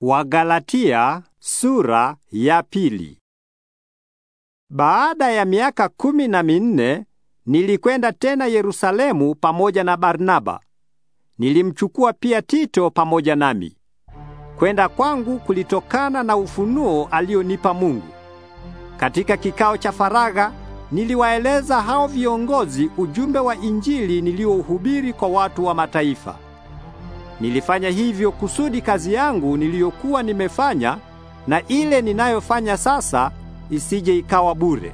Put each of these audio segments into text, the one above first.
Wagalatia sura ya pili. Baada ya miaka kumi na minne nilikwenda tena Yerusalemu pamoja na Barnaba. Nilimchukua pia Tito pamoja nami. Kwenda kwangu kulitokana na ufunuo alionipa Mungu. Katika kikao cha faragha niliwaeleza hao viongozi ujumbe wa Injili niliohubiri kwa watu wa mataifa. Nilifanya hivyo kusudi kazi yangu niliyokuwa nimefanya na ile ninayofanya sasa isije ikawa bure.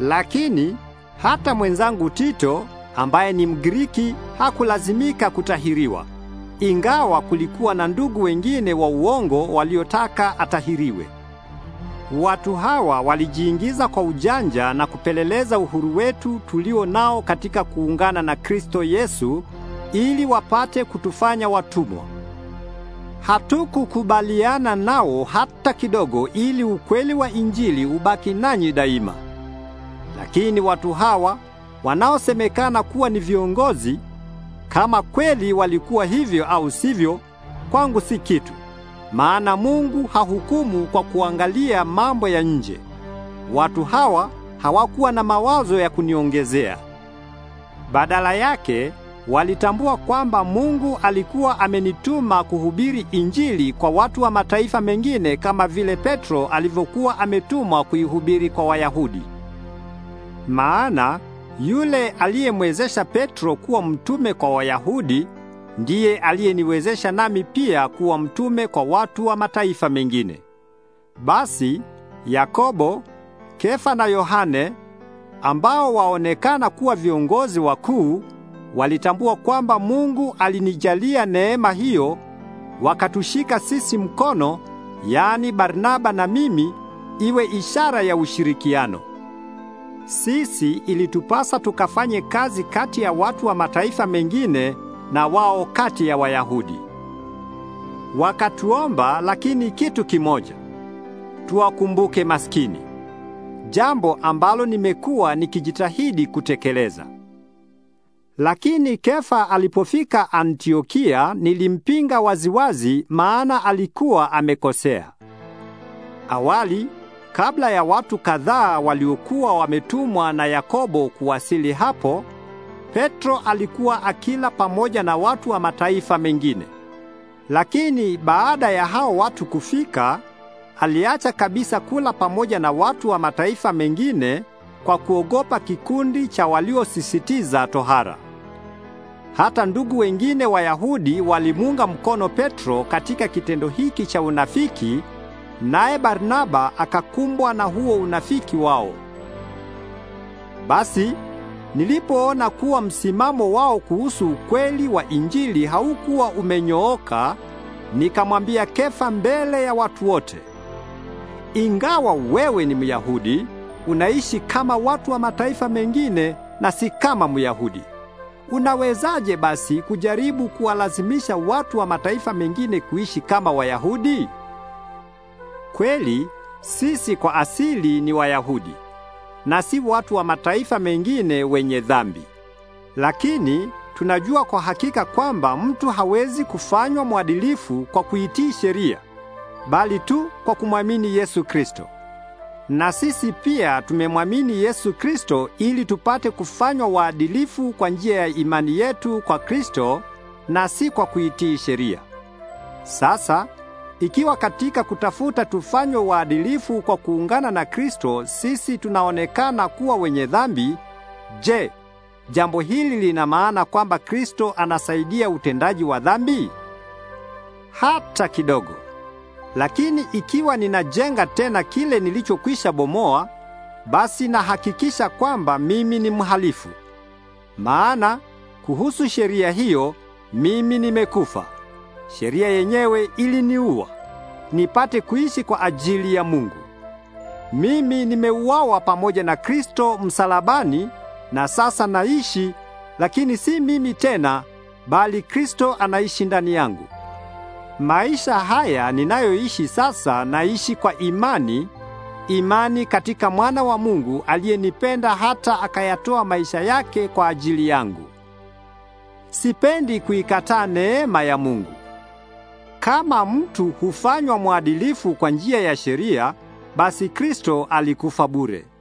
Lakini hata mwenzangu Tito ambaye ni Mgiriki hakulazimika kutahiriwa, ingawa kulikuwa na ndugu wengine wa uongo waliotaka atahiriwe. Watu hawa walijiingiza kwa ujanja na kupeleleza uhuru wetu tulio nao katika kuungana na Kristo Yesu ili wapate kutufanya watumwa. Hatukukubaliana nao hata kidogo, ili ukweli wa Injili ubaki nanyi daima. Lakini watu hawa wanaosemekana kuwa ni viongozi, kama kweli walikuwa hivyo au sivyo, kwangu si kitu, maana Mungu hahukumu kwa kuangalia mambo ya nje. Watu hawa hawakuwa na mawazo ya kuniongezea. Badala yake Walitambua kwamba Mungu alikuwa amenituma kuhubiri Injili kwa watu wa mataifa mengine kama vile Petro alivyokuwa ametumwa kuihubiri kwa Wayahudi. Maana yule aliyemwezesha Petro kuwa mtume kwa Wayahudi ndiye aliyeniwezesha nami pia kuwa mtume kwa watu wa mataifa mengine. Basi Yakobo, Kefa na Yohane ambao waonekana kuwa viongozi wakuu Walitambua kwamba Mungu alinijalia neema hiyo, wakatushika sisi mkono, yaani Barnaba na mimi, iwe ishara ya ushirikiano. Sisi ilitupasa tukafanye kazi kati ya watu wa mataifa mengine na wao kati ya Wayahudi. Wakatuomba lakini kitu kimoja. Tuwakumbuke maskini. Jambo ambalo nimekuwa nikijitahidi kutekeleza. Lakini Kefa alipofika Antiokia nilimpinga waziwazi maana alikuwa amekosea. Awali kabla ya watu kadhaa waliokuwa wametumwa na Yakobo kuwasili hapo, Petro alikuwa akila pamoja na watu wa mataifa mengine. Lakini baada ya hao watu kufika, aliacha kabisa kula pamoja na watu wa mataifa mengine kwa kuogopa kikundi cha waliosisitiza tohara. Hata ndugu wengine Wayahudi walimuunga mkono Petro katika kitendo hiki cha unafiki, naye Barnaba akakumbwa na huo unafiki wao. Basi nilipoona kuwa msimamo wao kuhusu ukweli wa Injili haukuwa umenyooka, nikamwambia Kefa mbele ya watu wote, ingawa wewe ni Myahudi, unaishi kama watu wa mataifa mengine na si kama Myahudi. Unawezaje basi kujaribu kuwalazimisha watu wa mataifa mengine kuishi kama Wayahudi? Kweli, sisi kwa asili ni Wayahudi na si watu wa mataifa mengine wenye dhambi. Lakini tunajua kwa hakika kwamba mtu hawezi kufanywa mwadilifu kwa kuitii sheria, bali tu kwa kumwamini Yesu Kristo na sisi pia tumemwamini Yesu Kristo ili tupate kufanywa waadilifu kwa njia ya imani yetu kwa Kristo na si kwa kuitii sheria. Sasa ikiwa katika kutafuta tufanywe waadilifu kwa kuungana na Kristo, sisi tunaonekana kuwa wenye dhambi, je, jambo hili lina maana kwamba Kristo anasaidia utendaji wa dhambi? Hata kidogo. Lakini ikiwa ninajenga tena kile nilichokwisha bomoa, basi nahakikisha kwamba mimi ni mhalifu. Maana kuhusu sheria hiyo mimi nimekufa. Sheria yenyewe iliniua nipate kuishi kwa ajili ya Mungu. Mimi nimeuawa pamoja na Kristo msalabani na sasa naishi, lakini si mimi tena, bali Kristo anaishi ndani yangu. Maisha haya ninayoishi sasa naishi kwa imani, imani katika mwana wa Mungu aliyenipenda hata akayatoa maisha yake kwa ajili yangu. Sipendi kuikataa neema ya Mungu. Kama mtu hufanywa mwadilifu kwa njia ya sheria, basi Kristo alikufa bure.